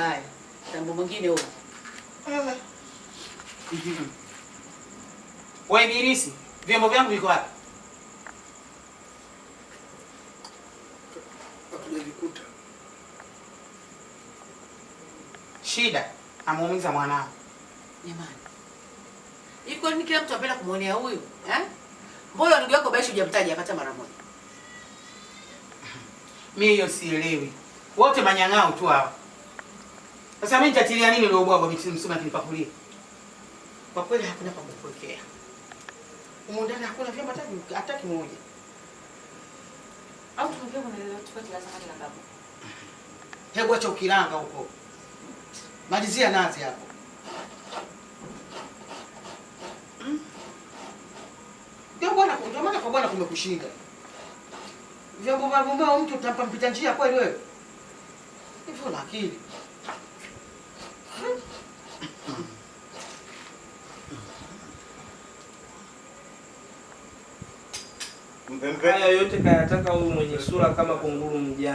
Haya, tambo mwingine huo. Wewe Ibilisi, vyombo vyangu viko wapi? Hatujavikuta. Shida amuumiza mwanao. Jamani. Hivi kwa kila mtu anapenda kumwonea huyu? Eh? Mbona ndugu yako Baishi hujamtaja hata mara moja? Mimi hiyo sielewi. Wote manyang'ao tu hao. Sasa mimi nitatilia nini leo bwabwa binti msema akinipakulia? Kwa kweli hakuna pa kupokea. Huko ndani hakuna vyombo hata hata kimoja. Au tunaongea kuna leo tukao kila samani na babu. Hebu acha ukilanga huko. Malizia nazi hapo. Hmm? Ndio bwana, ndio maana kwa bwana kumekushinda. Vyombo vya mtu utampa mpita njia kweli wewe? Hivyo na akili. Haya yote kayataka huyu mwenye sura kama kunguru mjani